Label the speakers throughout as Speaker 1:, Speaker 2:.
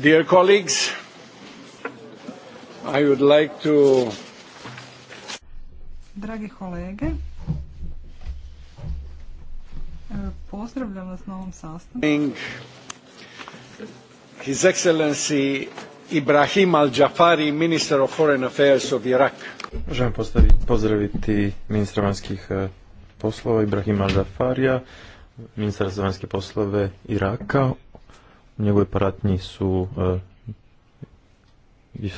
Speaker 1: Dear colleagues, I would like to...
Speaker 2: Dragi kolege, e, pozdravljam vas na ovom sastanku. His Excellency
Speaker 1: Ibrahim Al-Jafari, Minister of Foreign Affairs of Iraq. Želim pozdraviti ministra vanjskih e, poslova Ibrahim Al-Jafarija, ministra za vanjske poslove Iraka, Njegove pratnji su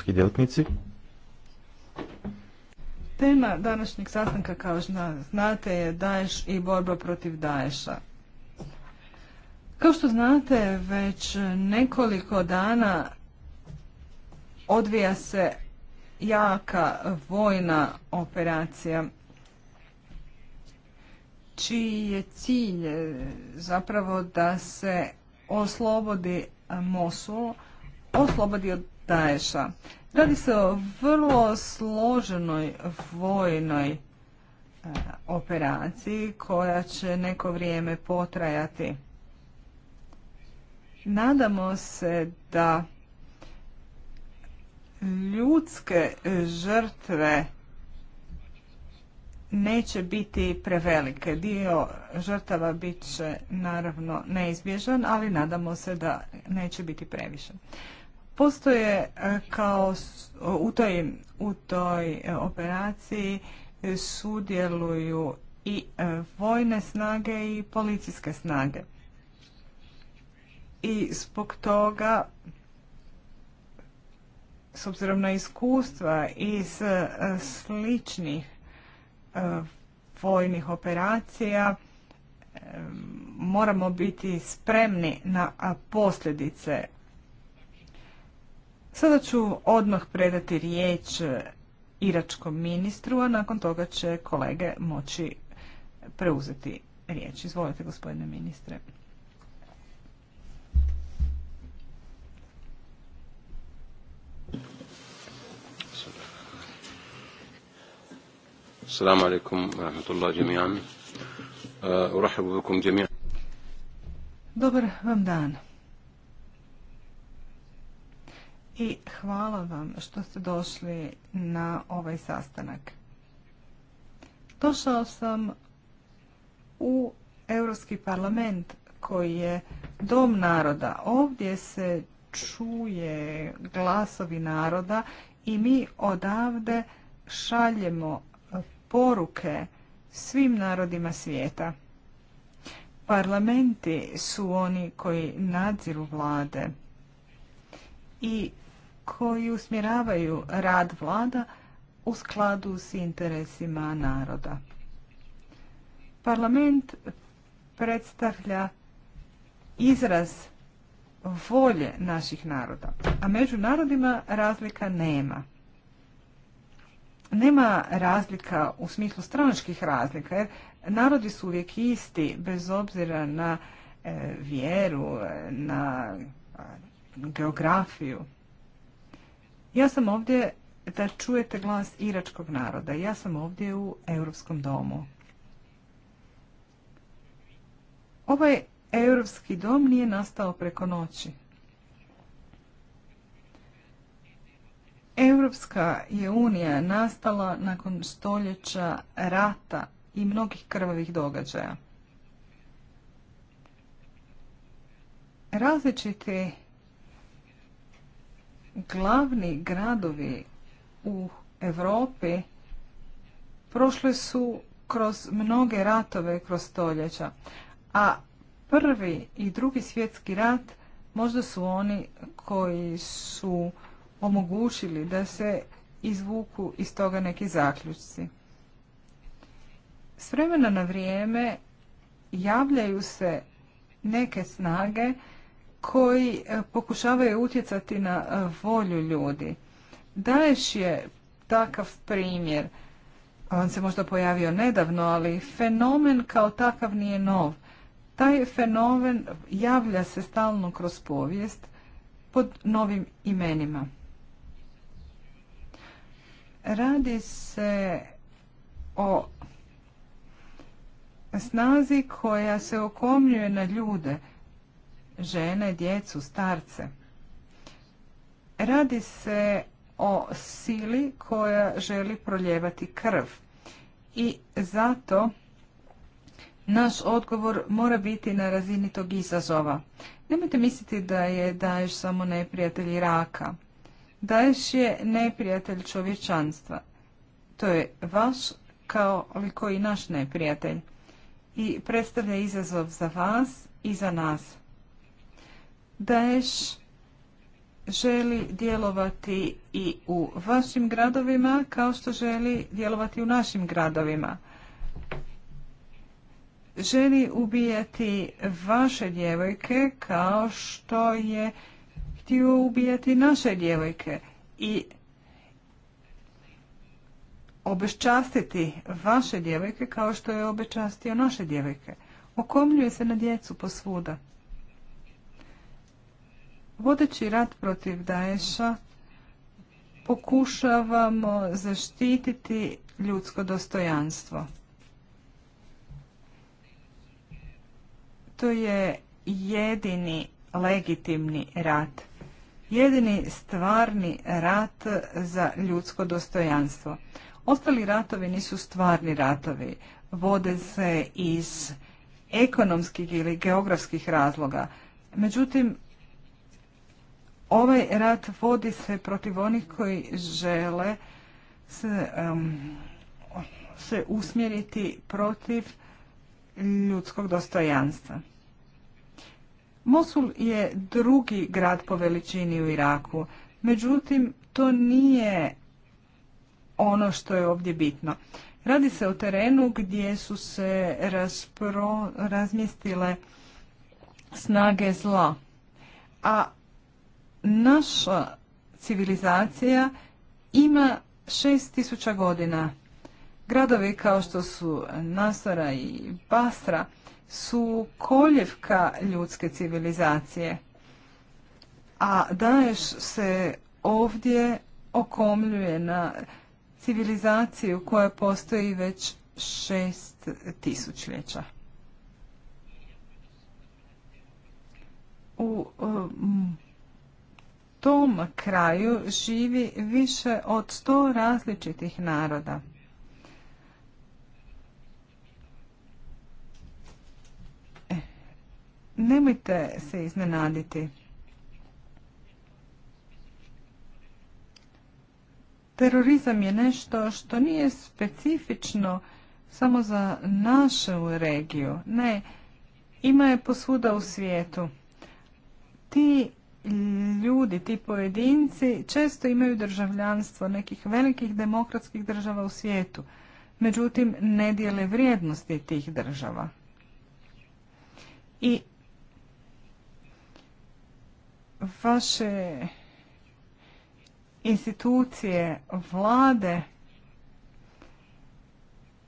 Speaker 1: e, djelatnici.
Speaker 2: Tema današnjeg sastanka, kao što znate, je Daješ i borba protiv Daješa. Kao što znate, već nekoliko dana odvija se jaka vojna operacija čiji je cilj e, zapravo da se oslobodi eh, Mosul, oslobodi od Daesha. Radi se o vrlo složenoj vojnoj eh, operaciji koja će neko vrijeme potrajati. Nadamo se da ljudske žrtve neće biti prevelike. Dio žrtava bit će naravno neizbježan, ali nadamo se da neće biti previše. Postoje e, kao u toj, u toj e, operaciji e, sudjeluju i vojne snage i policijske snage. I zbog toga s obzirom na iskustva iz sličnih E, vojnih operacija e, moramo biti spremni na posljedice. Sada ću odmah predati riječ iračkom ministru, a nakon toga će kolege moći preuzeti riječ. Izvolite, gospodine ministre.
Speaker 1: السلام عليكم ورحمة الله
Speaker 2: Dobar vam dan. I hvala vam što ste došli na ovaj sastanak. Došao sam u Europski parlament koji je dom naroda. Ovdje se čuje glasovi naroda i mi odavde šaljemo poruke svim narodima svijeta. Parlamenti su oni koji nadziru vlade i koji usmjeravaju rad vlada u skladu s interesima naroda. Parlament predstavlja izraz volje naših naroda, a među narodima razlika nema nema razlika u smislu stranačkih razlika, jer narodi su uvijek isti, bez obzira na e, vjeru, e, na geografiju. Ja sam ovdje da čujete glas iračkog naroda. Ja sam ovdje u Europskom domu. Ovaj Europski dom nije nastao preko noći. Europska je unija nastala nakon stoljeća rata i mnogih krvavih događaja. Različiti glavni gradovi u Europi prošli su kroz mnoge ratove kroz stoljeća, a prvi i drugi svjetski rat možda su oni koji su omogućili da se izvuku iz toga neki zaključci. S vremena na vrijeme javljaju se neke snage koji e, pokušavaju utjecati na e, volju ljudi. Daješ je takav primjer. On se možda pojavio nedavno, ali fenomen kao takav nije nov. Taj fenomen javlja se stalno kroz povijest pod novim imenima. Radi se o snazi koja se okomljuje na ljude, žene, djecu, starce. Radi se o sili koja želi proljevati krv. I zato naš odgovor mora biti na razini tog izazova. Nemojte misliti da je daješ samo neprijatelji raka. Daješ je neprijatelj čovječanstva. To je vaš kao liko i naš neprijatelj i predstavlja izazov za vas i za nas. Daješ želi djelovati i u vašim gradovima kao što želi djelovati u našim gradovima. Želi ubijati vaše djevojke kao što je htio ubijati naše djevojke i obeščastiti vaše djevojke kao što je obeščastio naše djevojke. Okomljuje se na djecu posvuda. Vodeći rat protiv Daesha pokušavamo zaštititi ljudsko dostojanstvo. To je jedini legitimni rat jedini stvarni rat za ljudsko dostojanstvo. Ostali ratovi nisu stvarni ratovi, vode se iz ekonomskih ili geografskih razloga. Međutim, ovaj rat vodi se protiv onih koji žele se, um, se usmjeriti protiv ljudskog dostojanstva. Mosul je drugi grad po veličini u Iraku. Međutim, to nije ono što je ovdje bitno. Radi se o terenu gdje su se raspro, razmjestile snage zla. A naša civilizacija ima 6000 godina. Gradovi kao što su Nasara i Basra su koljevka ljudske civilizacije. A Daješ se ovdje okomljuje na civilizaciju koja postoji već šest tisućljeća. U um, tom kraju živi više od sto različitih naroda. nemojte se iznenaditi. Terorizam je nešto što nije specifično samo za našu regiju. Ne, ima je posvuda u svijetu. Ti ljudi, ti pojedinci često imaju državljanstvo nekih velikih demokratskih država u svijetu. Međutim, ne dijele vrijednosti tih država. I vaše institucije, vlade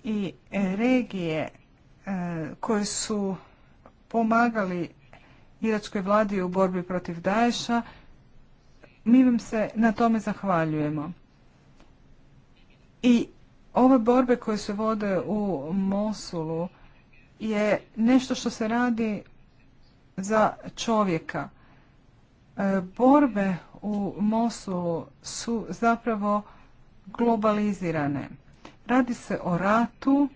Speaker 2: i regije e, koje su pomagali iračkoj vladi u borbi protiv Daesha, mi vam se na tome zahvaljujemo. I ove borbe koje se vode u Mosulu je nešto što se radi za čovjeka. E, borbe u Mosulu su zapravo globalizirane. Radi se o ratu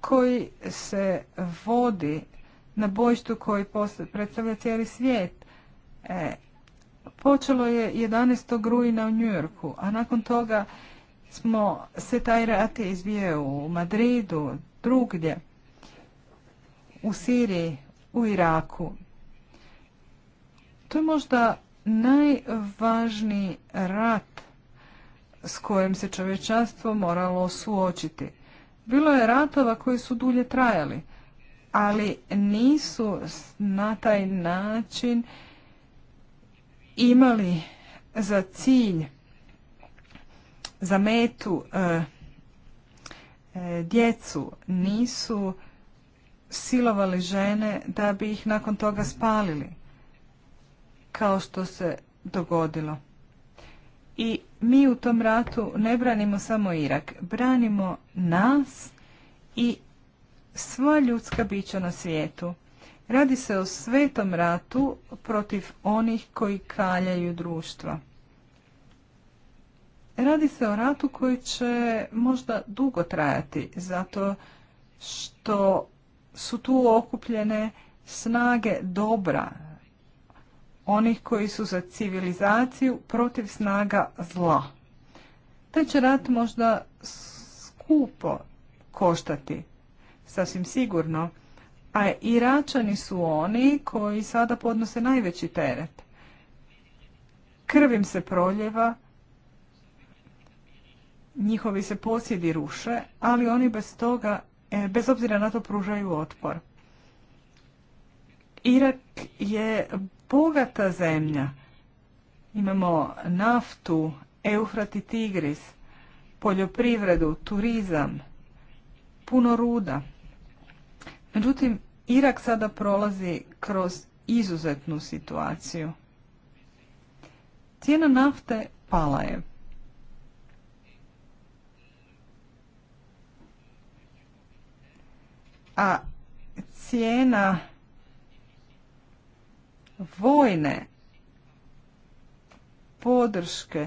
Speaker 2: koji se vodi na bojištu koji predstavlja cijeli svijet. E, počelo je 11. rujna u Njujorku, a nakon toga smo se taj rat izvije u Madridu, drugdje, u Siriji, u Iraku. To je možda najvažniji rat s kojim se čovječanstvo moralo suočiti. Bilo je ratova koji su dulje trajali, ali nisu na taj način imali za cilj, za metu e, e, djecu, nisu silovali žene da bi ih nakon toga spalili kao što se dogodilo. I mi u tom ratu ne branimo samo Irak, branimo nas i sva ljudska bića na svijetu. Radi se o svetom ratu protiv onih koji kaljaju društva. Radi se o ratu koji će možda dugo trajati, zato što su tu okupljene snage dobra, onih koji su za civilizaciju protiv snaga zla. Taj će rat možda skupo koštati, sasvim sigurno, a Iračani su oni koji sada podnose najveći teret. Krvim se proljeva, njihovi se posjedi ruše, ali oni bez toga, e, bez obzira na to, pružaju otpor. Irak je bogata zemlja. Imamo naftu, Eufrat i Tigris, poljoprivredu, turizam, puno ruda. Međutim, Irak sada prolazi kroz izuzetnu situaciju. Cijena nafte pala je. A cijena vojne podrške,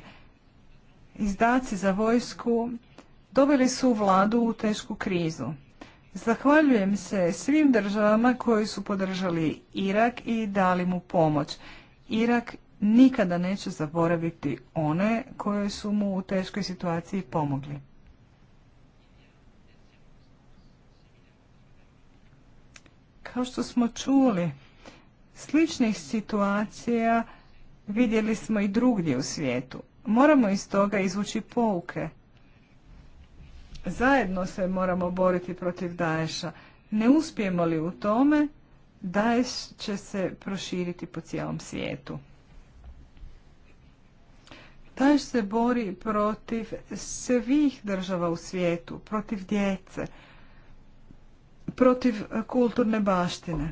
Speaker 2: izdaci za vojsku doveli su vladu u tešku krizu. Zahvaljujem se svim državama koji su podržali Irak i dali mu pomoć. Irak nikada neće zaboraviti one koje su mu u teškoj situaciji pomogli. Kao što smo čuli, Sličnih situacija vidjeli smo i drugdje u svijetu. Moramo iz toga izvući pouke. Zajedno se moramo boriti protiv daješa. Ne uspijemo li u tome, daješ će se proširiti po cijelom svijetu. Daesh se bori protiv svih država u svijetu, protiv djece, protiv kulturne baštine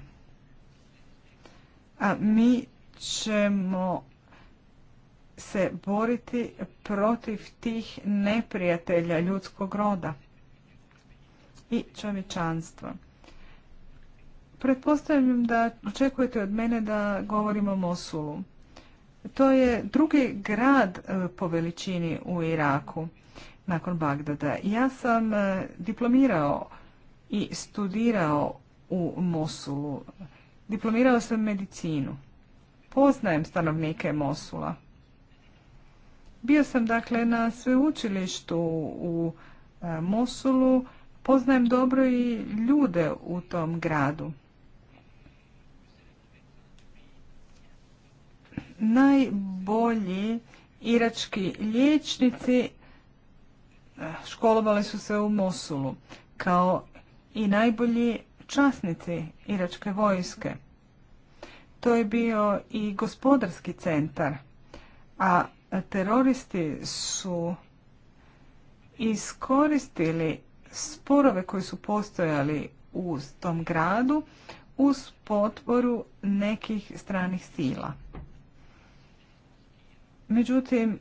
Speaker 2: a mi ćemo se boriti protiv tih neprijatelja ljudskog roda i čovječanstva. Pretpostavljam da očekujete od mene da govorimo o Mosulu. To je drugi grad e, po veličini u Iraku nakon Bagdada. Ja sam e, diplomirao i studirao u Mosulu Diplomirao sam medicinu. Poznajem stanovnike Mosula. Bio sam dakle na sveučilištu u e, Mosulu, poznajem dobro i ljude u tom gradu. Najbolji irački liječnici e, školovali su se u Mosulu, kao i najbolji časnici iračke vojske. To je bio i gospodarski centar, a teroristi su iskoristili sporove koji su postojali u tom gradu uz potporu nekih stranih sila. Međutim,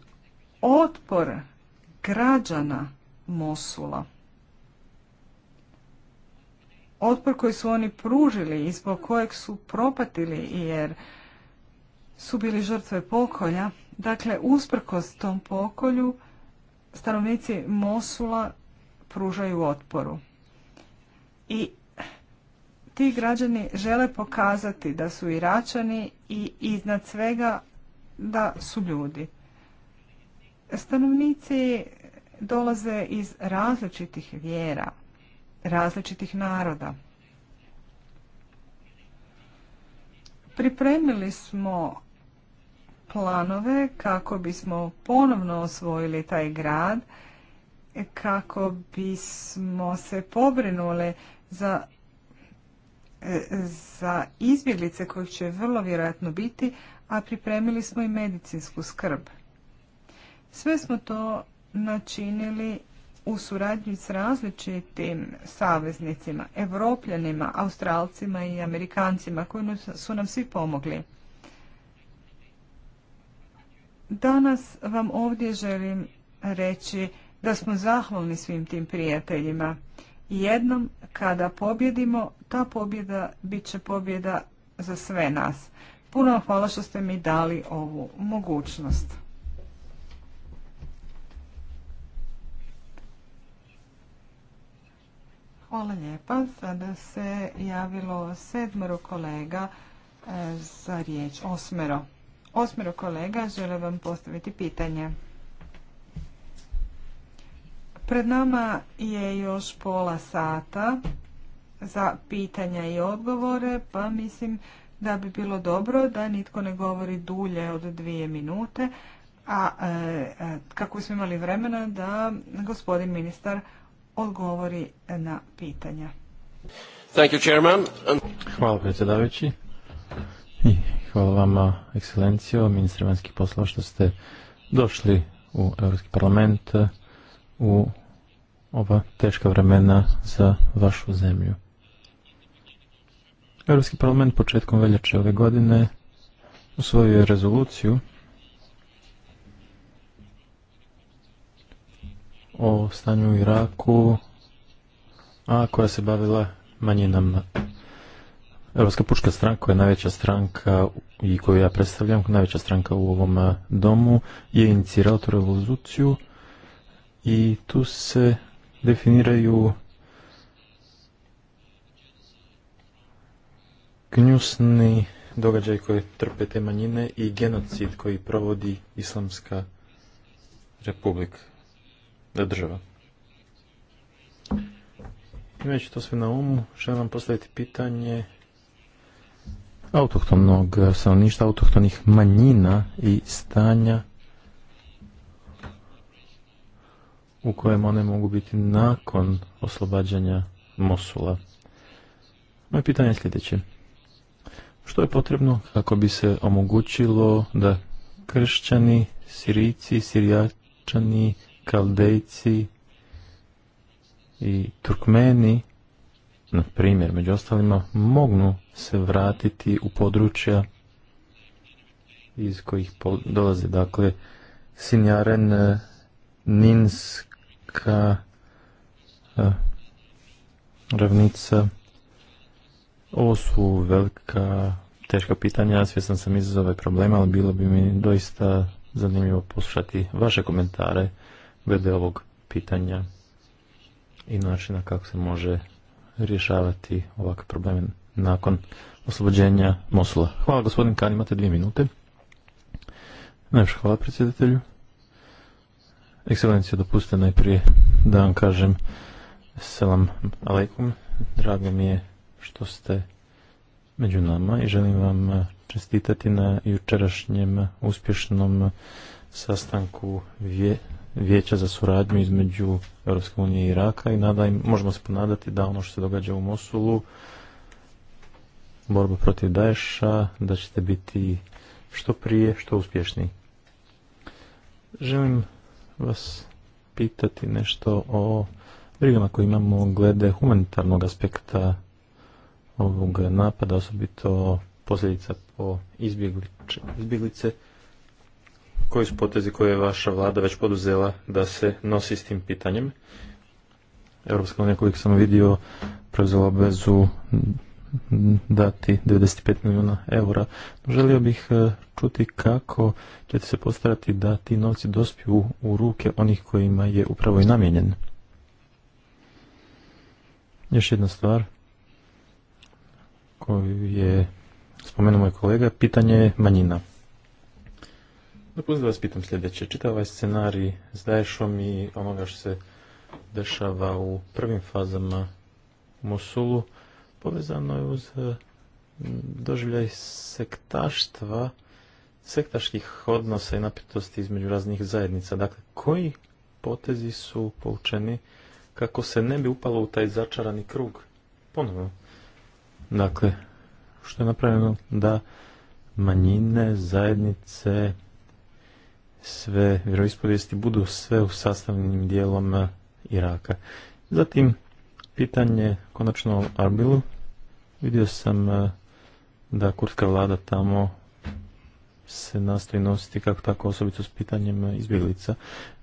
Speaker 2: otpor građana Mosula otpor koji su oni pružili i zbog kojeg su propatili jer su bili žrtve pokolja. Dakle, usprkos tom pokolju stanovnici Mosula pružaju otporu. I ti građani žele pokazati da su Iračani i iznad svega da su ljudi. Stanovnici dolaze iz različitih vjera različitih naroda. Pripremili smo planove kako bismo ponovno osvojili taj grad, kako bismo se pobrinuli za, za izbjeglice kojih će vrlo vjerojatno biti, a pripremili smo i medicinsku skrb. Sve smo to načinili u suradnji s različitim saveznicima, evropljanima, australcima i amerikancima koji su nam svi pomogli. Danas vam ovdje želim reći da smo zahvalni svim tim prijateljima. Jednom kada pobjedimo, ta pobjeda bit će pobjeda za sve nas. Puno vam hvala što ste mi dali ovu mogućnost. Hvala lijepa. Sada se javilo sedmero kolega e, za riječ. Osmero. Osmero kolega žele vam postaviti pitanje. Pred nama je još pola sata za pitanja i odgovore, pa mislim da bi bilo dobro da nitko ne govori dulje od dvije minute, a, e, a kako smo imali vremena da gospodin ministar odgovori na pitanja.
Speaker 1: Hvala predsjedavajući i hvala vama, ekscelencijo, ministre vanjskih poslova, što ste došli u Europski parlament eh, u ova teška vremena za vašu zemlju. Europski parlament početkom veljače ove godine usvojio je rezoluciju o stanju u Iraku, a koja se bavila manjinama. Europska pučka stranka je najveća stranka i koju ja predstavljam, najveća stranka u ovom domu, je inicirala tu revoluciju i tu se definiraju knjusni događaj koji trpe te manjine i genocid koji provodi Islamska republika država. Imajući to sve na umu, želim vam postaviti pitanje autohtonog stanovništva, autohtonih manjina i stanja u kojem one mogu biti nakon oslobađanja Mosula. Moje pitanje je sljedeće. Što je potrebno kako bi se omogućilo da kršćani, sirici, sirijačani, Kaldejci i Turkmeni, na primjer, među ostalima, mogu se vratiti u područja iz kojih dolaze, dakle, Sinjaren, eh, Ninska, eh, ravnica. Ovo su velika, teška pitanja, svjestan sam izazove problema, ali bilo bi mi doista zanimljivo poslušati vaše komentare glede ovog pitanja i načina kako se može rješavati ovakve probleme nakon oslobođenja Mosula. Hvala gospodin Kan, imate dvije minute. Najviše hvala predsjedatelju. Ekscelencija, dopustite najprije da vam kažem selam alaikum. Drago mi je što ste među nama i želim vam čestitati na jučerašnjem uspješnom sastanku vijeća za suradnju između Europske unije i Iraka i nadaj, možemo se ponadati da ono što se događa u Mosulu, borba protiv Daesha, da ćete biti što prije, što uspješniji. Želim vas pitati nešto o brigama koje imamo glede humanitarnog aspekta ovog napada, osobito posljedica po izbjeglice koji su potezi koje je vaša vlada već poduzela da se nosi s tim pitanjem? Europska unija, koliko sam vidio, preuzela obvezu dati 95 milijuna eura. Želio bih e, čuti kako ćete se postarati da ti novci dospiju u ruke onih kojima je upravo i namijenjen. Još jedna stvar koju je spomenuo moj kolega, pitanje manjina. Dopustite da vas pitam sljedeće. Čitav ovaj scenarij s Daješom i onoga što se dešava u prvim fazama Mosulu povezano je uz eh, doživljaj sektaštva, sektaških odnosa i napetosti između raznih zajednica. Dakle, koji potezi su poučeni kako se ne bi upalo u taj začarani krug? Ponovno. Dakle, što je napravljeno da manjine, zajednice, sve vjeroispovijesti budu sve u sastavnim dijelom e, Iraka. Zatim, pitanje konačno o Arbilu. Vidio sam e, da kurska vlada tamo se nastoji nositi kako tako osobito s pitanjem izbjeglica.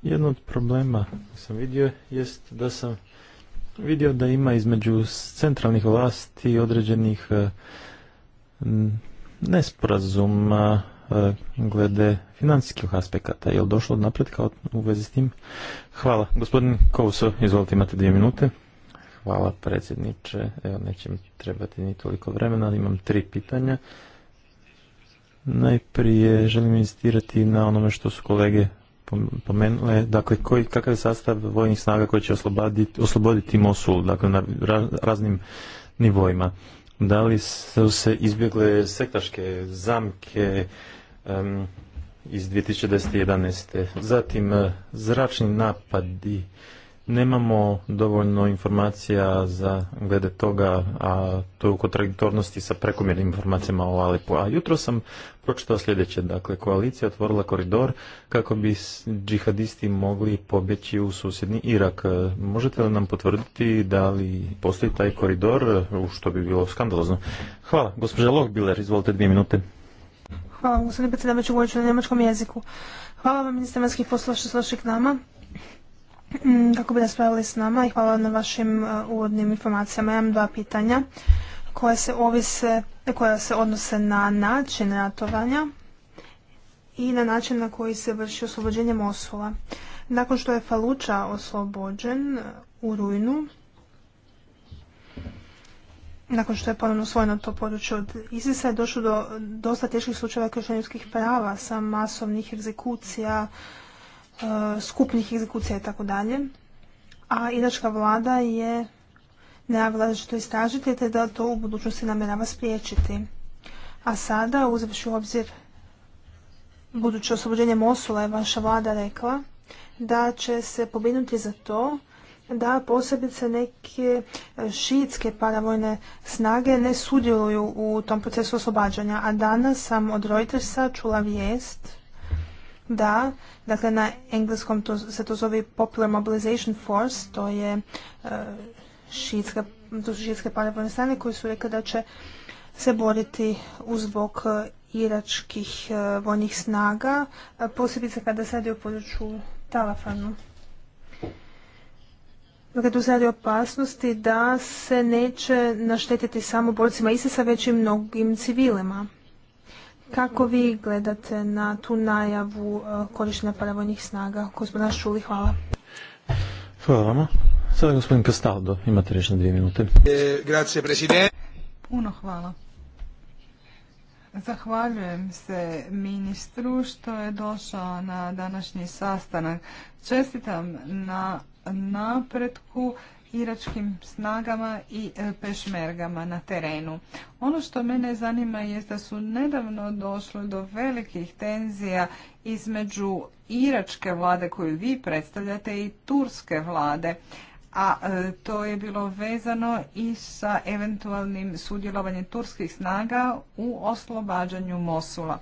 Speaker 1: Jedan od problema sam vidio jest da sam vidio da ima između centralnih vlasti određenih e, nesporazuma E, glede financijskih aspekata. Je li došlo od napredka u vezi s tim? Hvala. Gospodin Kovuso, izvolite, imate dvije minute. Hvala predsjedniče. Evo, neće mi trebati ni toliko vremena, ali imam tri pitanja. Najprije želim insistirati na onome što su kolege pomenule, dakle koji, kakav je sastav vojnih snaga koji će osloboditi, osloboditi Mosul, dakle na raznim nivoima. Da li su se izbjegle sektaške zamke, iz 2011. Zatim, e, zračni napadi. Nemamo dovoljno informacija za glede toga, a to je u kontradiktornosti sa prekomjernim informacijama o Alepu. A jutro sam pročitao sljedeće, dakle, koalicija otvorila koridor kako bi džihadisti mogli pobjeći u susjedni Irak. E, možete li nam potvrditi da li postoji taj koridor, e, što bi bilo skandalozno? Hvala, gospođa Lohbiler, izvolite dvije minute.
Speaker 3: Hvala vam, gospodine predsjedavajući, govorit ću na njemačkom jeziku. Hvala vam, ministar vanjskih poslova, što ste k nama mm, kako bi raspravili s nama i hvala na vašim e, uvodnim informacijama. imam dva pitanja koja se, ovise, koja se odnose na način ratovanja i na način na koji se vrši oslobođenje Mosula. Nakon što je Faluča oslobođen u rujnu, nakon što je ponovno usvojeno to područje od isis je došlo do dosta teških slučajeva kršenja ljudskih prava sa masovnih egzekucija, e, skupnih egzekucija i tako dalje. A iračka vlada je najavila da će to istražiti te da to u budućnosti namjerava spriječiti. A sada, uzevši u obzir buduće oslobođenje Mosula, je vaša vlada rekla da će se pobinuti za to da posebice neke e, šiitske paravojne snage ne sudjeluju u tom procesu oslobađanja. A danas sam od Reutersa čula vijest da, dakle na engleskom se to zove Popular Mobilization Force, to je uh, paravojne snage koji su rekli da će se boriti uzbog e, iračkih vojnih snaga, posebice kada sad je u području Talafanu. Dakle, tu se radi opasnosti da se neće naštetiti samo borcima ISIS-a, već i mnogim civilima. Kako vi gledate na tu najavu e, korištenja paravojnih snaga koju smo danas čuli? Hvala.
Speaker 1: Hvala vama. Sada gospodin Kastaldo, imate riječ
Speaker 3: na dvije minute. E, Puno hvala.
Speaker 2: Zahvaljujem se ministru što je došao na današnji sastanak. Čestitam na napretku iračkim snagama i e, pešmergama na terenu. Ono što mene zanima je da su nedavno došlo do velikih tenzija između iračke vlade koju vi predstavljate i turske vlade a e, to je bilo vezano i sa eventualnim sudjelovanjem turskih snaga u oslobađanju Mosula.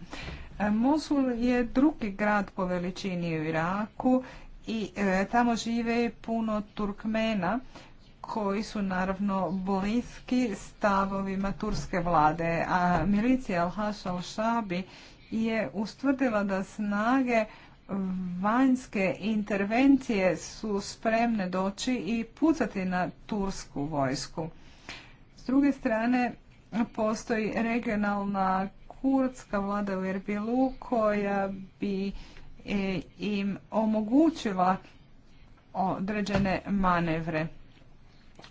Speaker 2: E, Mosul je drugi grad po veličini u Iraku i e, tamo žive puno Turkmena koji su naravno bliski stavovima turske vlade, a milicija al hash al-Shabi je ustvrdila da snage vanjske intervencije su spremne doći i pucati na tursku vojsku. S druge strane, postoji regionalna kurdska vlada u Erbilu koja bi im omogućila određene manevre.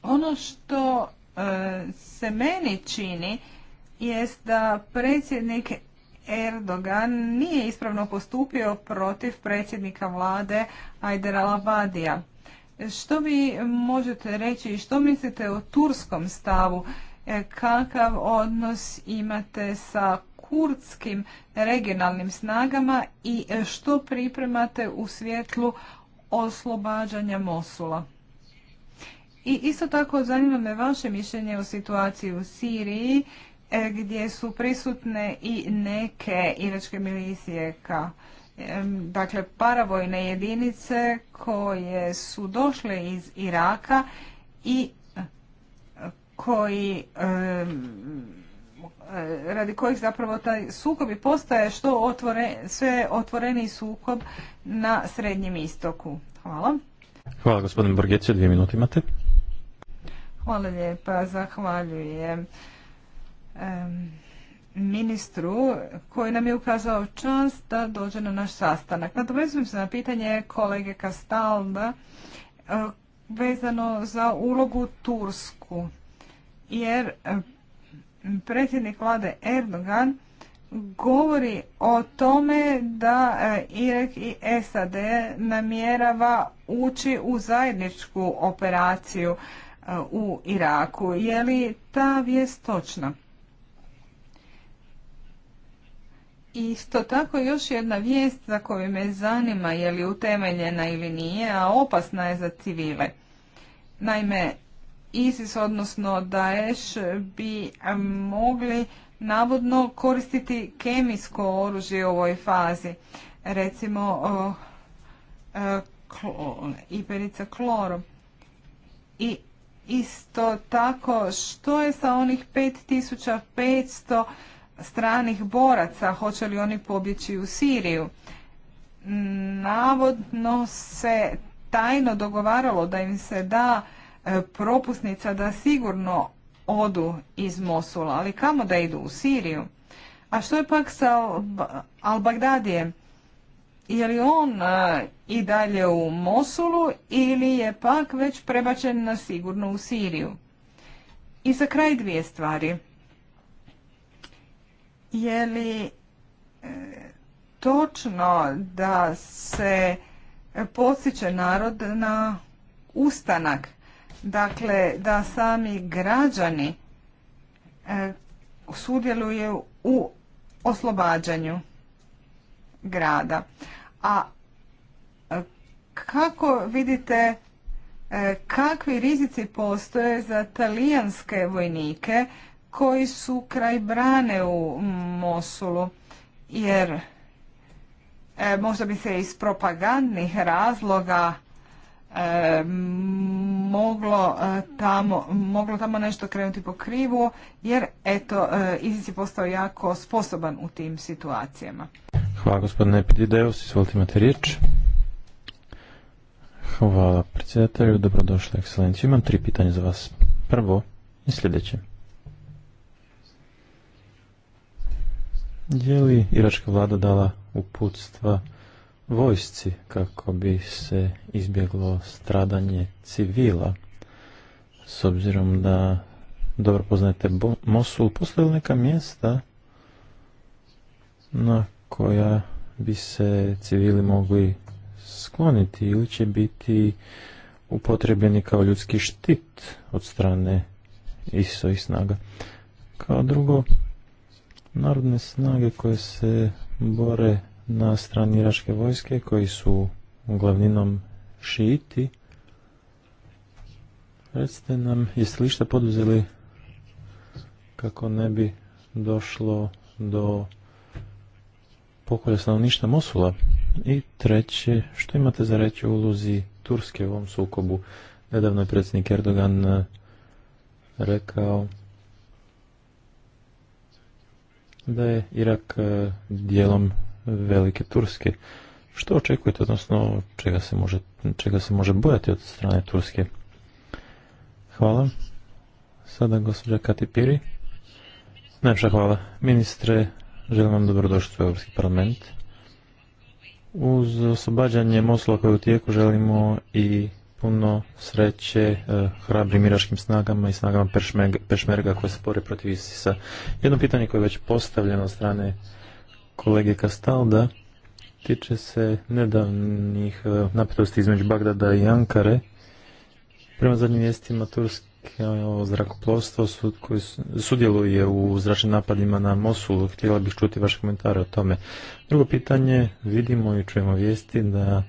Speaker 2: Ono što e, se meni čini jest da predsjednik Erdogan nije ispravno postupio protiv predsjednika vlade Aydera Labadija. Što vi možete reći i što mislite o turskom stavu? E, kakav odnos imate sa kurdskim regionalnim snagama i e, što pripremate u svjetlu oslobađanja Mosula. I isto tako zanima me vaše mišljenje o situaciji u Siriji e, gdje su prisutne i neke iračke milicije ka dakle paravojne jedinice koje su došle iz Iraka i e, koji E, radi kojih zapravo taj sukob i postaje što otvore, sve otvoreni sukob na Srednjem istoku. Hvala.
Speaker 1: Hvala gospodin dvije minute imate.
Speaker 2: Hvala lijepa, zahvaljujem ministru koji nam je ukazao čast da dođe na naš sastanak. Nadovezujem se na pitanje kolege Kastalda e, vezano za ulogu Tursku. Jer predsjednik vlade Erdogan govori o tome da e, Irak i SAD namjerava ući u zajedničku operaciju e, u Iraku. Je li ta vijest točna? Isto tako još jedna vijest za koju me zanima je li utemeljena ili nije, a opasna je za civile. Naime, ISIS, odnosno Daesh, bi mogli navodno koristiti kemijsko oružje u ovoj fazi. Recimo perice e, klorom. I isto tako, što je sa onih 5500 stranih boraca, hoće li oni pobjeći u Siriju? Navodno se tajno dogovaralo da im se da E, propusnica da sigurno odu iz Mosula, ali kamo da idu u Siriju? A što je pak sa Al-Bagdadijem? Je li on e, i dalje u Mosulu ili je pak već prebačen na sigurno u Siriju? I za kraj dvije stvari. Je li e, točno da se posjeće narod na ustanak? Dakle, da sami građani e, sudjeluju u oslobađanju grada. A e, kako vidite e, kakvi rizici postoje za talijanske vojnike koji su kraj brane u Mosulu? Jer možda bi se iz propagandnih razloga E, moglo, e, tamo, moglo tamo nešto krenuti po krivu jer eto e, ISIS je postao jako sposoban u tim situacijama.
Speaker 1: Hvala gospodine Epidideos, izvolite imate riječ. Hvala predsjedatelju, dobrodošli ekscelenciju. Imam tri pitanja za vas. Prvo i sljedeće. Je li iračka vlada dala uputstva vojsci kako bi se izbjeglo stradanje civila. S obzirom da dobro poznajete Mosul, postoje neka mjesta na koja bi se civili mogli skloniti ili će biti upotrebljeni kao ljudski štit od strane ISO i snaga. Kao drugo, narodne snage koje se bore na strani iračke vojske koji su uglavninom šiti. Recite nam, jeste li poduzeli kako ne bi došlo do pokolja stanovništva Mosula? I treće, što imate za reći o ulozi Turske u ovom sukobu? Nedavno je predsjednik Erdogan e, rekao da je Irak e, dijelom velike Turske. Što očekujete, odnosno čega se može, čega se može bojati od strane Turske? Hvala. Sada gospođa Kati Piri. Najpša hvala. Ministre, želim vam dobrodošli u Europski parlament. Uz osobađanje Mosula koje u tijeku želimo i puno sreće eh, hrabrim iračkim snagama i snagama pešmerga koje se bore protiv Isisa. Jedno pitanje koje je već postavljeno od strane kolege Kastalda tiče se nedavnih e, napetosti između Bagdada i Ankare. Prema zadnjim mjestima Turske e, zrakoplovstvo koji sudjeluje u zračnim napadima na Mosul. Htjela bih čuti vaše komentare o tome. Drugo pitanje, vidimo i čujemo vijesti da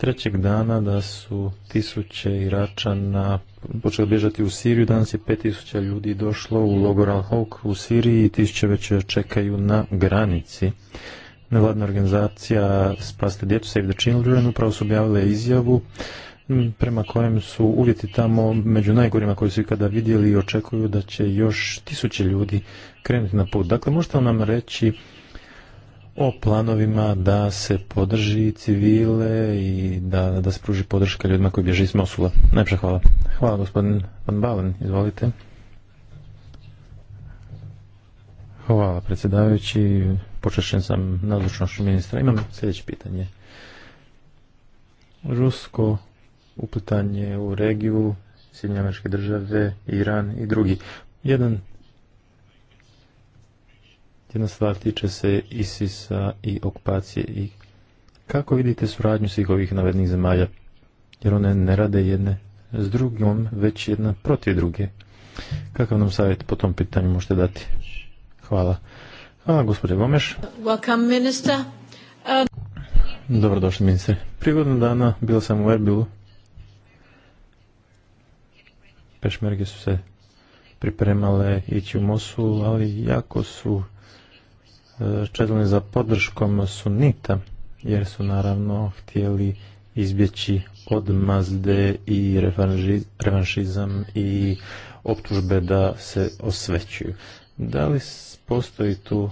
Speaker 1: trećeg dana da su tisuće Iračana počeli bježati u Siriju. Danas je pet tisuća ljudi došlo u logor al u Siriji i tisuće već čekaju na granici. Nevladna organizacija Spasite djecu, Save the Children, upravo su objavile izjavu prema kojem su uvjeti tamo među najgorima koji su ikada vidjeli i očekuju da će još tisuće ljudi krenuti na put. Dakle, možete li nam reći o planovima da se podrži civile i da, da se pruži podrška ljudima koji bježe iz Mosula. Najpša hvala. Hvala gospodin Van Balen, izvolite. Hvala predsjedavajući, počešćen sam nazočnošću ministra. Imam sljedeće pitanje. Rusko uplitanje u regiju, Sjedinje države, Iran i drugi. Jedan jedna stvar tiče se ISIS-a i okupacije i kako vidite suradnju svih ovih navednih zemalja? Jer one ne rade jedne s drugom, već jedna protiv druge. Kakav nam savjet po tom pitanju možete dati? Hvala. A, gospodin Gomeš. Welcome, minister. Uh, Dobrodošli, ministre. Prigodno dana bila sam u Erbilu. Pešmerge su se pripremale ići u Mosul, ali jako su čeznuli za podrškom sunita, jer su naravno htjeli izbjeći odmazde i revanšizam i optužbe da se osvećuju. Da li postoji tu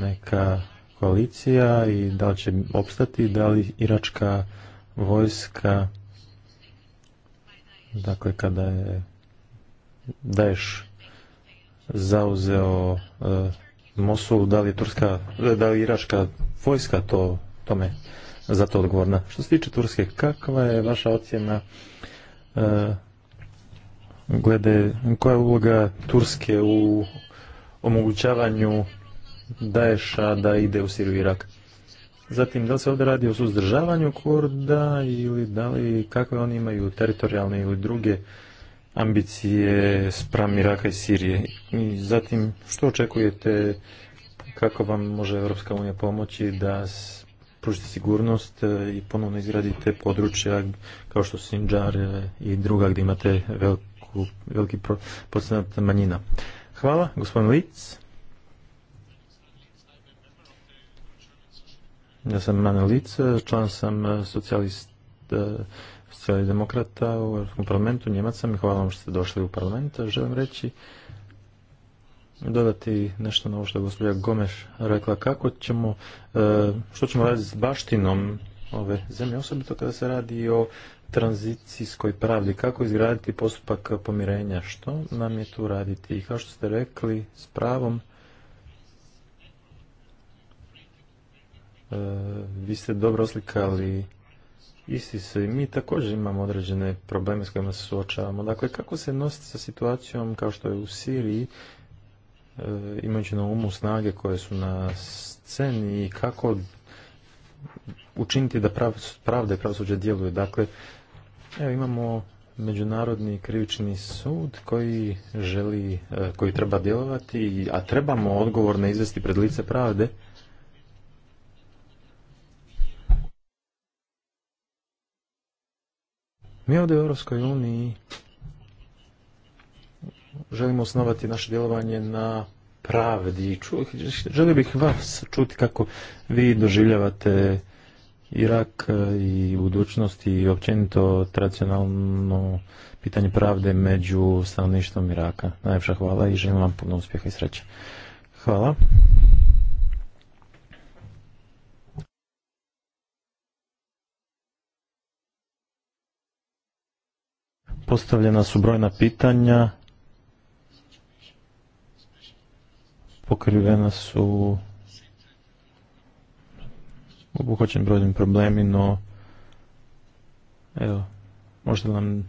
Speaker 1: neka koalicija i da li će opstati, da li iračka vojska dakle kada je Daesh zauzeo e, Mosul, da li je turska, da li je vojska to tome za to odgovorna. Što se tiče Turske, kakva je vaša ocjena e, glede koja je uloga Turske u omogućavanju Daesha da ide u Siriju Irak? Zatim, da li se ovdje radi o suzdržavanju Kurda ili da li, kakve oni imaju teritorijalne ili druge ambicije spram Iraka i Sirije? I zatim, što očekujete, kako vam može Europska unija pomoći da pružite sigurnost e, i ponovno izgradite područja kao što su e, i druga gdje imate veliki procenat manjina? Hvala, gospodin Lic. Ja sam Manuel Lic, član sam e, socijalista demokrata u Europskom parlamentu Njemaca. Mi hvala vam što ste došli u parlament. Želim reći dodati nešto na ovo što je gospođa Gomeš rekla. Kako ćemo, e, što ćemo raditi s baštinom ove zemlje, osobito kada se radi o tranzicijskoj pravdi, kako izgraditi postupak pomirenja, što nam je tu raditi i kao što ste rekli s pravom e, vi ste dobro oslikali isti se i mi također imamo određene probleme s kojima se suočavamo. Dakle, kako se nositi sa situacijom kao što je u Siriji, e, imajući na umu snage koje su na sceni i kako učiniti da pravda i pravosuđe djeluje. Dakle, evo imamo međunarodni krivični sud koji želi, e, koji treba djelovati, a trebamo odgovorne izvesti pred lice pravde Mi ovdje u Europskoj uniji želimo osnovati naše djelovanje na pravdi. Želio bih vas čuti kako vi doživljavate Irak i budućnost i općenito tradicionalno pitanje pravde među stanovništvom Iraka. Najljepša hvala i želim vam puno uspjeha i sreće. Hvala. postavljena su brojna pitanja, pokrivena su obuhvaćen brojnim problemi, no evo, možete nam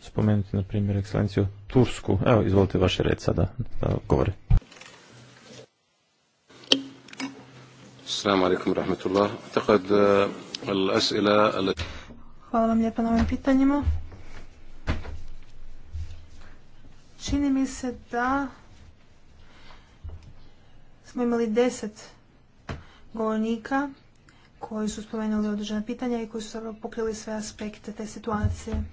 Speaker 1: spomenuti na primjer ekscelenciju Tursku. Evo, izvolite vaše red sada da govori. Assalamu alaikum rahmatullah. Uh,
Speaker 3: Hvala vam lijepa na ovim pitanjima. Čini mi se da smo imali deset govornika koji su spomenuli određena pitanja i koji su zapravo pokrili sve aspekte te situacije.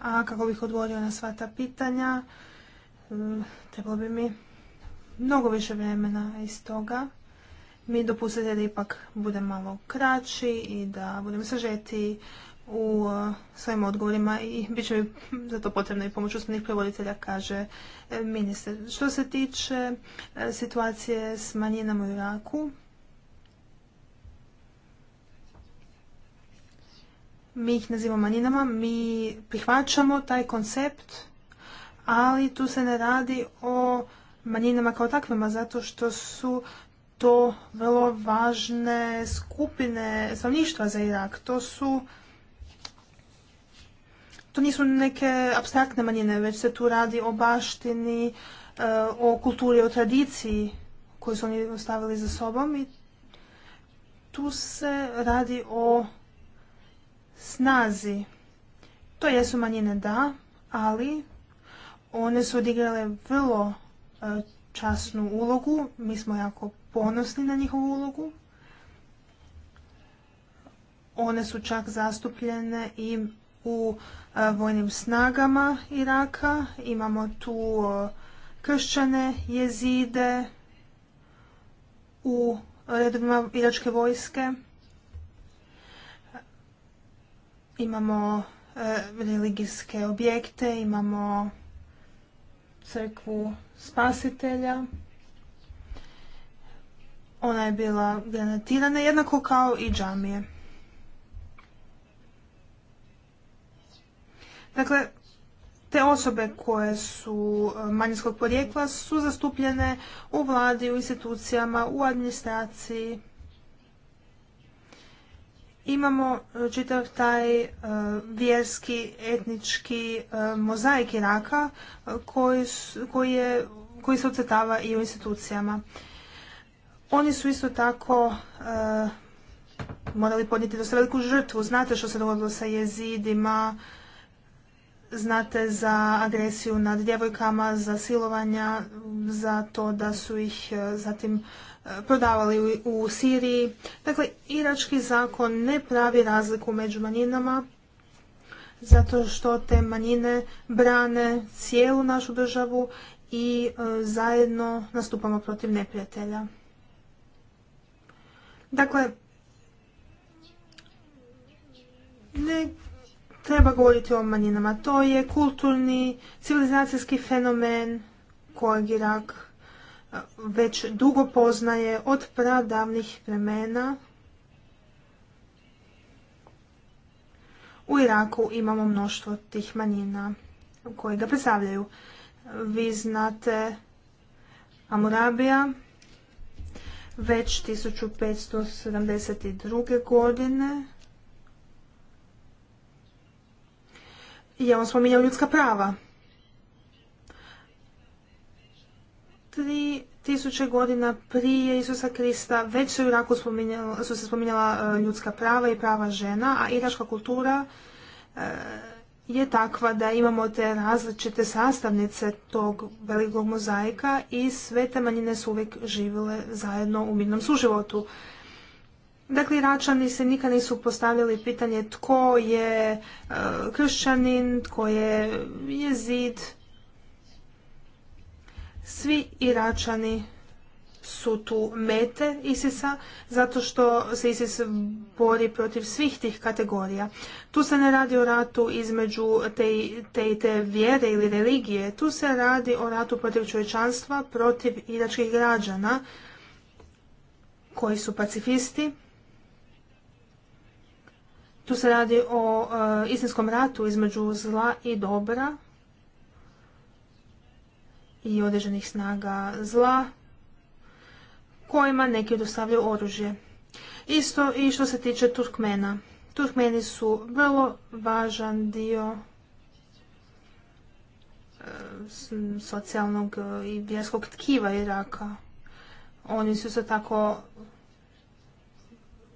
Speaker 3: A kako bih odgovorio na sva ta pitanja, eh, trebalo bi mi mnogo više vremena iz toga. Mi dopustite da ipak budem malo kraći i da budem sažeti u uh, svojim odgovorima i bit će za to potrebna i pomoć usmenih prevoditelja, kaže e, ministar. Što se tiče e, situacije s manjinama u Iraku, mi ih nazivamo manjinama, mi prihvaćamo taj koncept, ali tu se ne radi o manjinama kao takvima, zato što su to vrlo važne skupine stanovništva za Irak. To su to nisu neke abstraktne manjine, već se tu radi o baštini, e, o kulturi, o tradiciji koju su oni ostavili za sobom i tu se radi o snazi. To jesu manjine, da, ali one su odigrale vrlo e, časnu ulogu. Mi smo jako ponosni na njihovu ulogu. One su čak zastupljene i u vojnim snagama Iraka. Imamo tu kršćane, jezide u redovima iračke vojske. Imamo e, religijske objekte, imamo crkvu spasitelja. Ona je bila granatirana jednako kao i džamije. Dakle, te osobe koje su e, manjinskog porijekla su zastupljene u vladi, u institucijama, u administraciji. Imamo e, čitav taj e, vjerski, etnički mozaik Iraka koji, se ocetava i u institucijama. Oni su isto tako morali podnijeti dosta veliku žrtvu. Znate što se dogodilo sa jezidima, znate za agresiju nad djevojkama, za silovanja, za to da su ih e, zatim e, prodavali u Siriji. Dakle, irački zakon ne pravi razliku među manjinama, zato što te manjine brane cijelu našu državu i e, zajedno nastupamo protiv neprijatelja. Dakle, ne treba govoriti o manjinama. To je kulturni, civilizacijski fenomen kojeg Irak e, već dugo poznaje od pradavnih vremena. U Iraku imamo mnoštvo tih manjina koje ga predstavljaju. Vi znate Amurabija već 1572. godine je on spominjao ljudska prava. Tri tisuće godina prije Isusa Krista već su, Iraku su se spominjala e, ljudska prava i prava žena, a iračka kultura e, je takva da imamo te različite sastavnice tog velikog mozaika i sve te manjine su uvijek živjele zajedno u mirnom suživotu. Dakle, Iračani se nikad nisu postavili pitanje tko je e, kršćanin, tko je jezid. Svi Iračani su tu mete Isisa zato što se Isis bori protiv svih tih kategorija. Tu se ne radi o ratu između te, te i te vjere ili religije. Tu se radi o ratu protiv čovječanstva, protiv iračkih građana koji su pacifisti, tu se radi o e, istinskom ratu između zla i dobra i određenih snaga zla kojima neki dostavljaju oružje. Isto i što se tiče Turkmena. Turkmeni su vrlo važan dio e, socijalnog i vjerskog tkiva Iraka. Oni su se tako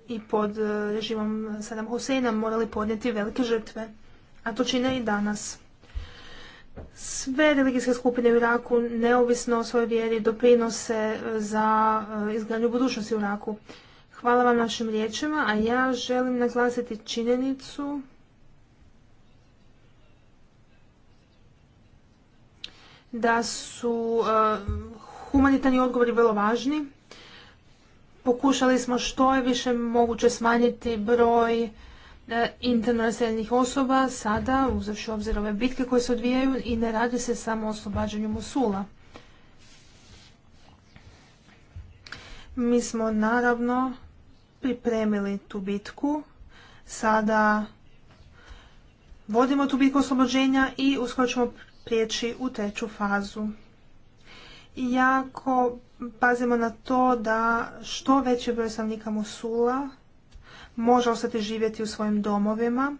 Speaker 3: i pod e, režimom Saddam Husseina morali podnijeti velike žrtve, a to čine i danas. Sve religijske skupine u Iraku, neovisno o svojoj vjeri, doprinose e, za e, izgradnju budućnosti u Iraku. Hvala vam našim riječima, a ja želim naglasiti činjenicu da su humanitarni odgovori vrlo važni Pokušali smo što je više moguće smanjiti broj e, interno osoba sada, uzavši obzir ove bitke koje se odvijaju i ne radi se samo o oslobađanju Mosula. Mi smo naravno pripremili tu bitku. Sada vodimo tu bitku oslobođenja i uskoro ćemo prijeći u treću fazu. Jako pazimo na to da što veći broj stanovnika Mosula može ostati živjeti u svojim domovima.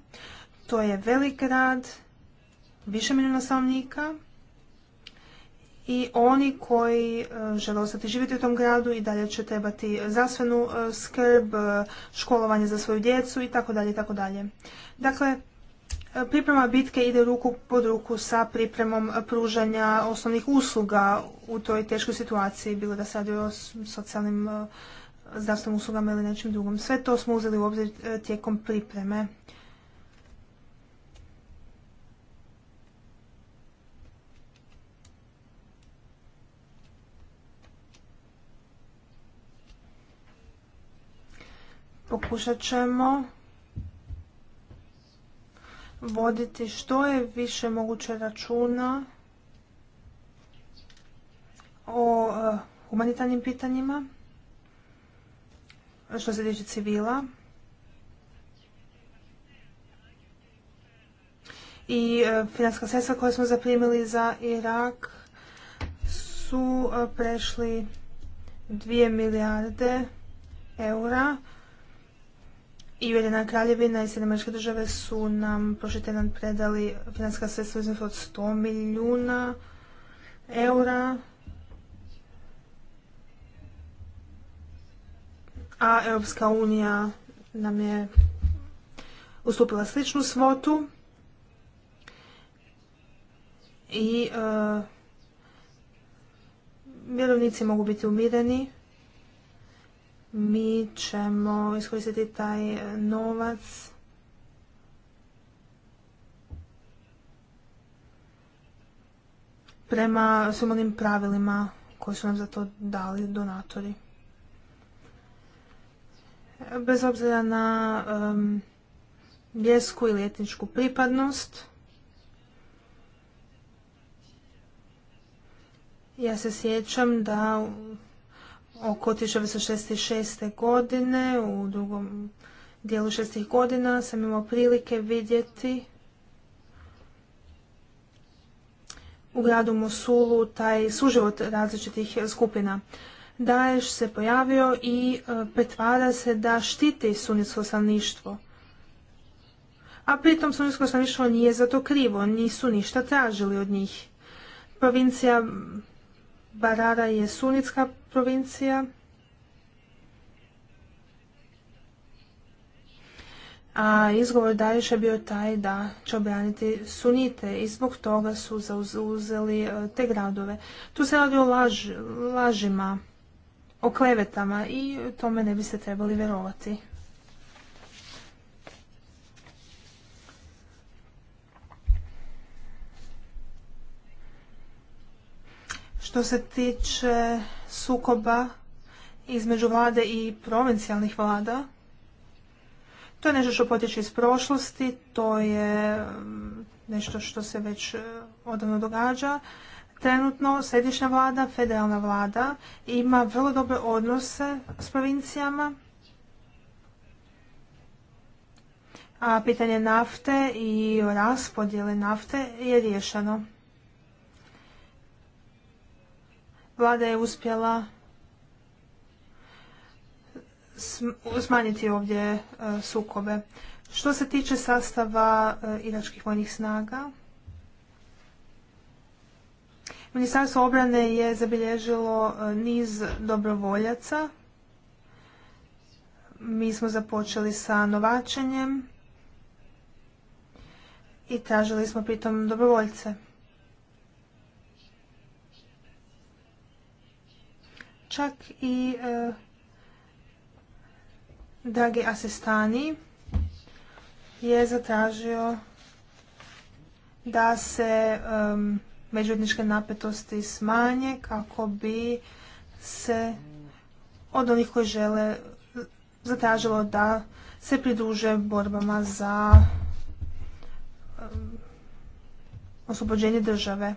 Speaker 3: To je velik grad, više milijuna stanovnika i oni koji e, žele ostati živjeti u tom gradu i dalje će trebati zdravstvenu e, skrb, e, školovanje za svoju djecu i tako dalje i tako dalje. Dakle, priprema bitke ide ruku pod ruku sa pripremom pružanja osnovnih usluga u toj teškoj situaciji, bilo da se radi o socijalnim e, zdravstvenim uslugama ili nečim drugom. Sve to smo uzeli u obzir e, tijekom pripreme. Pokušat ćemo voditi što je više moguće računa o e, humanitarnim pitanjima što se tiče civila i e, financijska sredstva koja smo zaprimili za Irak su e, prešli 2 milijarde eura i Ujedina kraljevina i Sjedinameričke države su nam prošli tjedan predali finanska sredstva iznosu od 100 milijuna eura. A Europska unija nam je ustupila sličnu svotu i mjerovnici vjerovnici mogu biti umireni mi ćemo iskoristiti taj e, novac prema svim onim pravilima koji su nam za to dali donatori. Bez obzira na vjesku ili etničku pripadnost, ja se sjećam da oko 1966. godine, u drugom dijelu šestih godina, sam imao prilike vidjeti u gradu Mosulu taj suživot različitih skupina. Daješ se pojavio i e, pretvara se da štiti sunnitsko stanovništvo. A pritom sunnitsko stanovništvo nije za to krivo, nisu ništa tražili od njih. Provincija Barara je sunitska provincija, a izgovor Daješa je bio taj da će obraniti sunite i zbog toga su zauzeli e, te gradove. Tu se radi o lažima, o klevetama i tome ne biste trebali vjerovati. Što se tiče sukoba između vlade i provincijalnih vlada, to je nešto što potječe iz prošlosti, to je mm, nešto što se već e, odavno događa. Trenutno središnja vlada, federalna vlada ima vrlo dobre odnose s provincijama, a pitanje nafte i raspodjele nafte je riješeno. Vlada je uspjela smanjiti ovdje e, sukobe. Što se tiče sastava e, iračkih vojnih snaga, Ministarstvo obrane je zabilježilo e, niz dobrovoljaca. Mi smo započeli sa novačenjem i tražili smo pritom dobrovoljce. čak i e, dragi asistani je zatražio da se um, napetosti smanje kako bi se od onih koji žele zatražilo da se priduže borbama za e, oslobođenje države.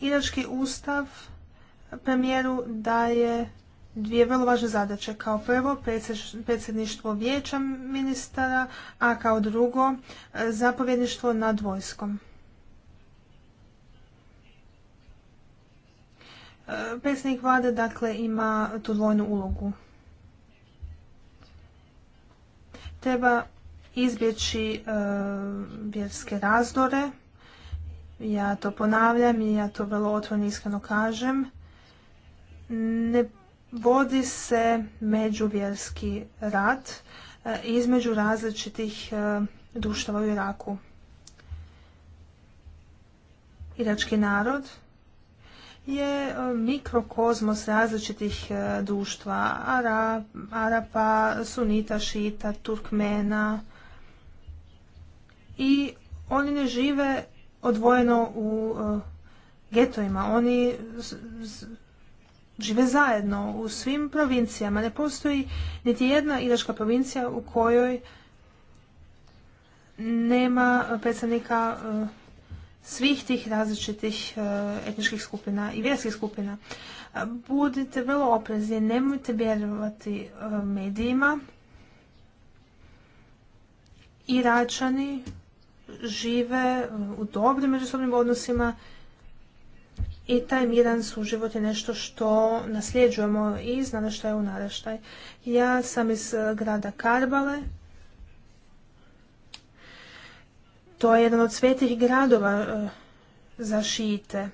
Speaker 3: Irački ustav premijeru daje dvije vrlo važne zadaće. Kao prvo predsjedništvo vijeća ministara, a kao drugo e, zapovjedništvo nad vojskom. E, predsjednik vlade dakle ima tu dvojnu ulogu. Treba izbjeći e, vjerske razdore. Ja to ponavljam i ja to vrlo otvorno iskreno kažem ne vodi se međuvjerski rat e, između različitih e, društava u Iraku. Irački narod je e, mikrokozmos različitih društva, Arapa, Sunita, Šita, Turkmena i oni ne žive odvojeno u getovima, oni žive zajedno u svim provincijama. Ne postoji niti jedna iračka provincija u kojoj nema predstavnika eh, svih tih različitih eh, etničkih skupina i vjerskih skupina. Budite vrlo oprezni, nemojte vjerovati eh, medijima. Iračani žive u dobrim međusobnim odnosima i taj miran suživot je nešto što nasljeđujemo iz je u naraštaj. Ja sam iz e, grada Karbale, to je jedan od svetih gradova e, za šite.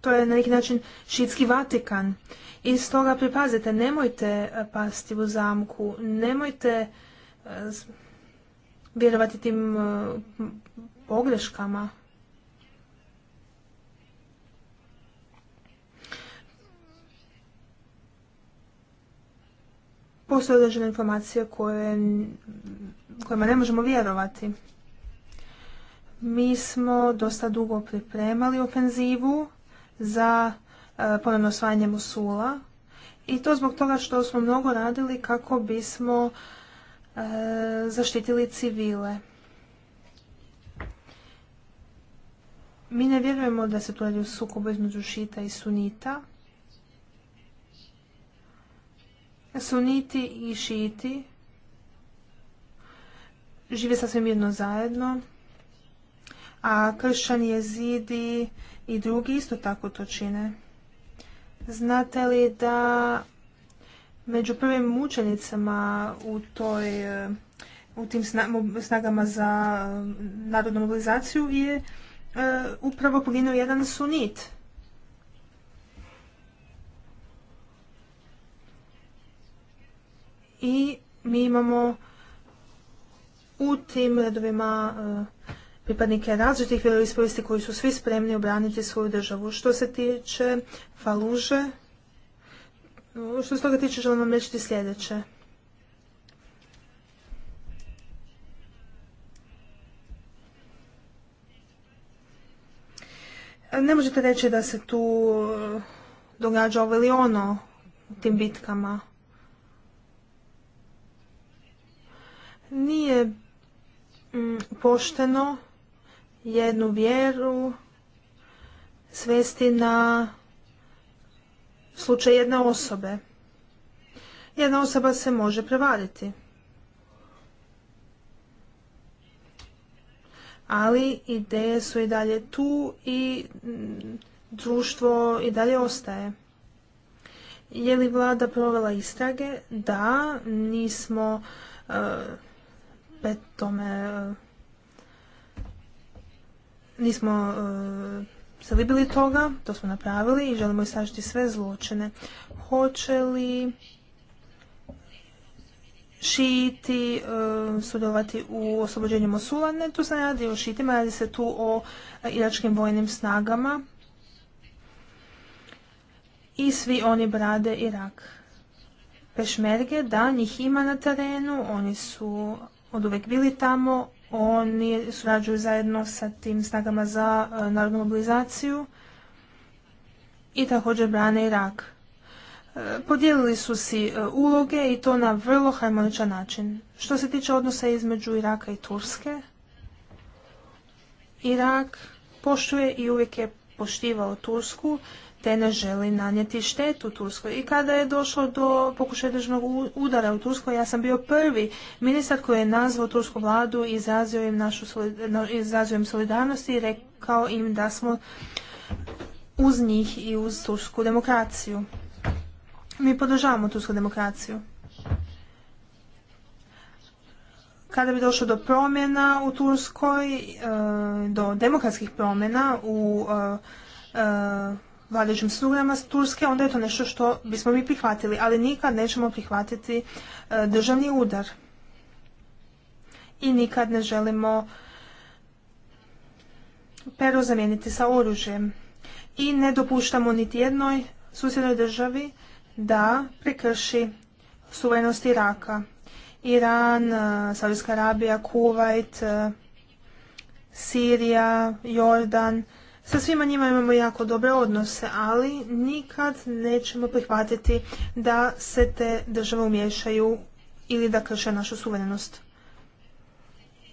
Speaker 3: To je na neki način šitski Vatikan. I stoga pripazite, nemojte e, pasti u zamku, nemojte vjerovati tim pogreškama. postoje određene informacije koje, kojima ne možemo vjerovati. Mi smo dosta dugo pripremali ofenzivu za e, ponovno osvajanje Mosula i to zbog toga što smo mnogo radili kako bismo e, zaštitili civile. Mi ne vjerujemo da se tu radi o sukobu između šita i sunita, Suniti i šiti žive sasvim jedno zajedno, a kršćani, jezidi i drugi isto tako to čine. Znate li da među prvim mučenicama u toj u tim snagama za um, narodnu mobilizaciju je uh, upravo poginuo jedan sunit. i mi imamo u tim redovima e, pripadnike različitih vjeroispovijesti koji su svi spremni obraniti svoju državu. Što se tiče faluže, što se toga tiče želim vam reći sljedeće. Ne možete reći da se tu e, događa ovo ili ono tim bitkama. Nije mm, pošteno jednu vjeru svesti na slučaj jedne osobe. Jedna osoba se može prevariti. Ali ideje su i dalje tu i mm, društvo i dalje ostaje. Je li vlada provela istrage? Da, nismo e, petome e, nismo e, se libili toga, to smo napravili i želimo istražiti sve zločine. Hoće li šiti e, sudjelovati u oslobođenju Mosula. Ne, tu se ne radi o šitima, radi se tu o iračkim vojnim snagama. I svi oni brade Irak. Pešmerge, da, njih ima na terenu, oni su od bili tamo. Oni surađuju zajedno sa tim snagama za e, narodnu mobilizaciju i također brane Irak. E, podijelili su si e, uloge i to na vrlo hajmoničan način. Što se tiče odnosa između Iraka i Turske, Irak poštuje i uvijek je poštivao Tursku te ne želi nanijeti štetu Turskoj. I kada je došlo do pokušaja državnog udara u Turskoj, ja sam bio prvi ministar koji je nazvao tursku vladu i izrazio im, našu solidarnost i rekao im da smo uz njih i uz tursku demokraciju. Mi podržavamo tursku demokraciju. kada bi došlo do promjena u Turskoj, e, do demokratskih promjena u e, e, vladajućim snugama Turske, onda je to nešto što bismo mi prihvatili, ali nikad nećemo prihvatiti e, državni udar. I nikad ne želimo pero zamijeniti sa oružjem. I ne dopuštamo niti jednoj susjednoj državi da prekrši suverenost Iraka. Iran, e, Saudijska Arabija, Kuvajt, e, Sirija, Jordan, sa svima njima imamo jako dobre odnose, ali nikad nećemo prihvatiti da se te države umješaju ili da krše našu suverenost.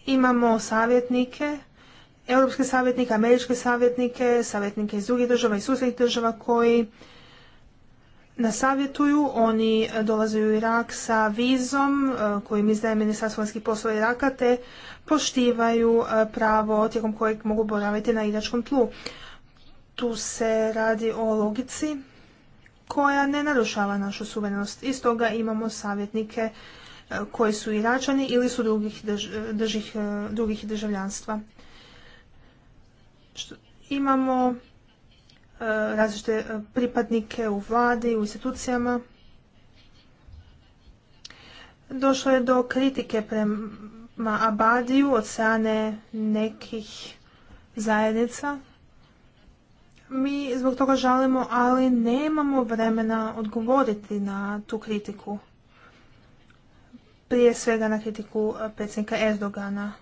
Speaker 3: Imamo savjetnike, europske savjetnike, američke savjetnike, savjetnike iz drugih država i susjednih država koji na savjetuju. Oni e, dolaze u Irak sa vizom e, kojim izdaje Ministarstvo vanjskih poslova Iraka te poštivaju e, pravo tijekom kojeg mogu boraviti na iračkom tlu. Tu se radi o logici koja ne narušava našu suverenost. Iz toga imamo savjetnike koji su iračani ili su drugih, drugih državljanstva. imamo Eh, različite eh, pripadnike u vladi, u institucijama. Došlo je do kritike prema Abadiju od strane nekih zajednica. Mi zbog toga žalimo, ali nemamo vremena odgovoriti na tu kritiku. Prije svega na kritiku eh, predsjednika Erdogana.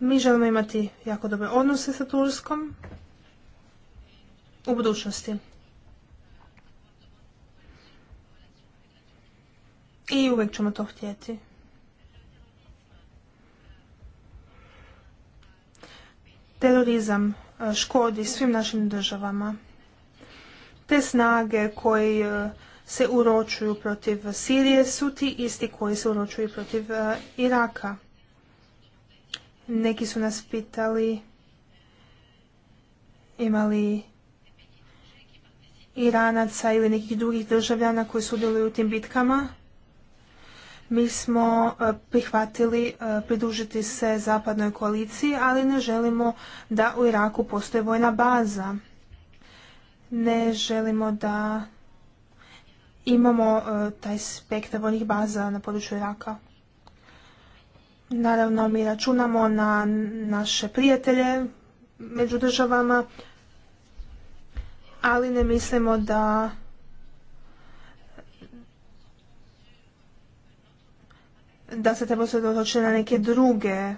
Speaker 3: Mi želimo imati jako dobre odnose sa Turskom u budućnosti. I uvijek ćemo to htjeti. Terorizam e, škodi svim našim državama. Te snage koje se uročuju protiv Sirije su ti isti koji se uročuju protiv e, Iraka. Neki su nas pitali imali Iranaca ili nekih drugih državljana koji su su u tim bitkama. Mi smo e, prihvatili e, pridružiti se zapadnoj koaliciji, ali ne želimo da u Iraku postoji vojna baza. Ne želimo da imamo e, taj spektar vojnih baza na području Iraka. Naravno, mi računamo na naše prijatelje među državama, ali ne mislimo da da se treba se dotočiti na neke druge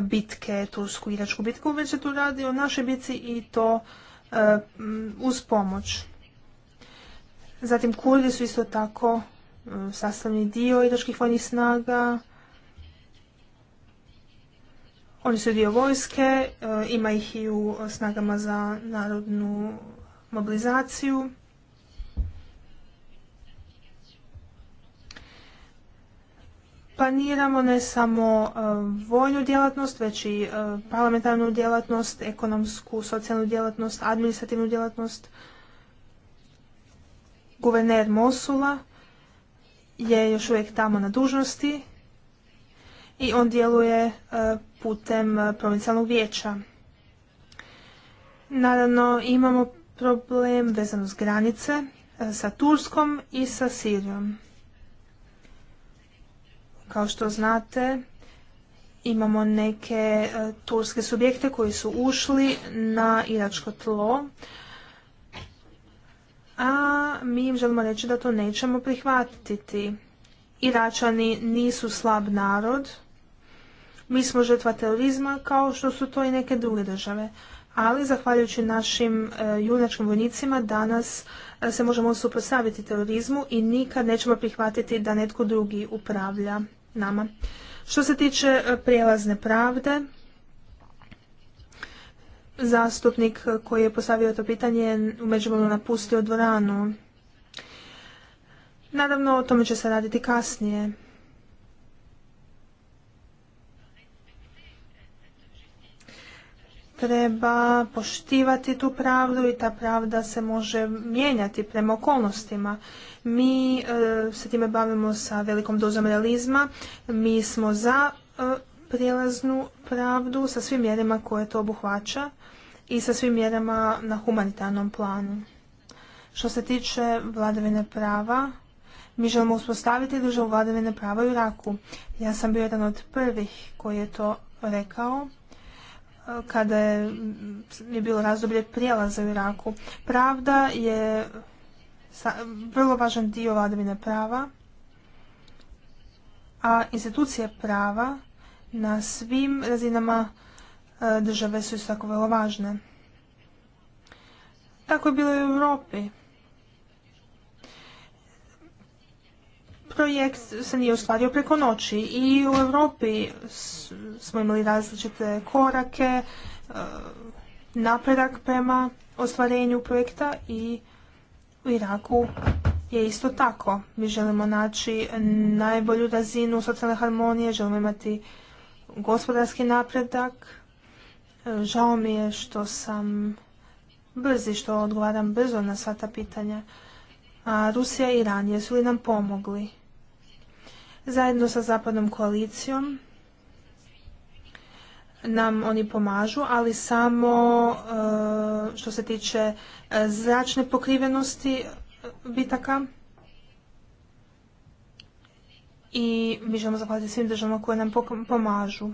Speaker 3: bitke, tursku i iračku bitku, već se tu radi o našoj bitci i to e, uz pomoć. Zatim Kurdi su isto tako sastavni dio iračkih vojnih snaga oni su dio vojske, e, ima ih i u snagama za narodnu mobilizaciju. Planiramo ne samo e, vojnu djelatnost, već i e, parlamentarnu djelatnost, ekonomsku, socijalnu djelatnost, administrativnu djelatnost. Guverner Mosula je još uvijek tamo na dužnosti i on djeluje e, putem e, provincijalnog vijeća. Naravno, imamo problem vezan uz granice e, sa Turskom i sa Sirijom. Kao što znate, imamo neke turske subjekte koji su ušli na iračko tlo, a mi im želimo reći da to nećemo prihvatiti. Iračani nisu slab narod, mi smo žrtva terorizma kao što su to i neke druge države. Ali, zahvaljujući našim e, junačkim vojnicima, danas e, se možemo suprotstaviti terorizmu i nikad nećemo prihvatiti da netko drugi upravlja nama. Što se tiče e, prijelazne pravde, zastupnik koji je postavio to pitanje je u međuvremenu napustio dvoranu. Naravno, o tome će se raditi kasnije. treba poštivati tu pravdu i ta pravda se može mijenjati prema okolnostima. Mi e, se time bavimo sa velikom dozom realizma, mi smo za e, prijelaznu pravdu sa svim mjerama koje to obuhvaća i sa svim mjerama na humanitarnom planu. Što se tiče vladavine prava, mi želimo uspostaviti državu vladavine prava u Iraku. Ja sam bio jedan od prvih koji je to rekao kada je, bilo razdoblje prijelaza u Iraku. Pravda je vrlo važan dio vladavine prava, a institucije prava na svim razinama e, države su isto tako vrlo važne. Tako je bilo i u Europi. projekt se nije ostvario preko noći i u Europi smo imali različite korake, e, napredak prema ostvarenju projekta i u Iraku je isto tako. Mi želimo naći najbolju razinu socijalne harmonije, želimo imati gospodarski napredak. E, žao mi je što sam brzi, što odgovaram brzo na sva ta pitanja. A Rusija i Iran jesu li nam pomogli? Zajedno sa zapadnom koalicijom nam oni pomažu, ali samo e, što se tiče e, zračne pokrivenosti e, bitaka. I mi želimo zahvaliti svim državama koje nam pomažu.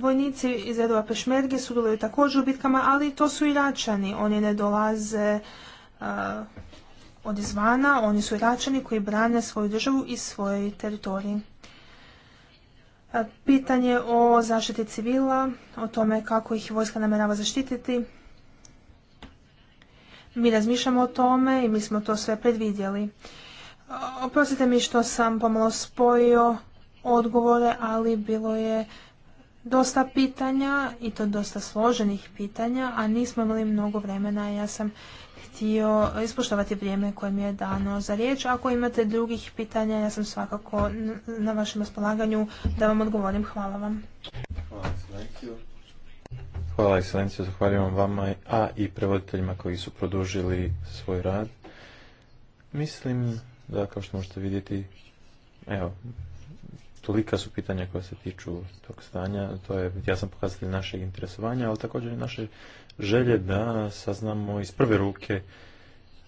Speaker 3: Vojnici iz redova Pešmerge sudjeluju također u bitkama, ali to su i račani. Oni ne dolaze od izvana, oni su račani koji brane svoju državu i svoj teritorij. E, pitanje o zaštiti civila, o tome kako ih vojska namjerava zaštititi. Mi razmišljamo o tome i mi smo to sve predvidjeli. E, oprostite mi što sam pomalo spojio odgovore, ali bilo je dosta pitanja i to dosta složenih pitanja, a nismo imali mnogo vremena. Ja sam htio ispoštovati vrijeme koje mi je dano za riječ. Ako imate drugih pitanja, ja sam svakako na vašem raspolaganju da vam odgovorim. Hvala vam.
Speaker 1: Hvala, ekscelencijo. Zahvaljujem vama, a i prevoditeljima koji su produžili svoj rad. Mislim da, kao što možete vidjeti, evo, tolika su pitanja koja se tiču tog stanja, to je ja sam pokazatelj našeg interesovanja, ali također i naše želje da saznamo iz prve ruke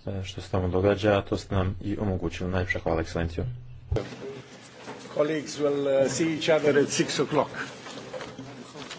Speaker 1: e, što se tamo događa, a to ste nam i omogućili. Najljepša hvala,
Speaker 2: ekscelencijo.
Speaker 3: Colleagues will uh, see each other at 6 o'clock.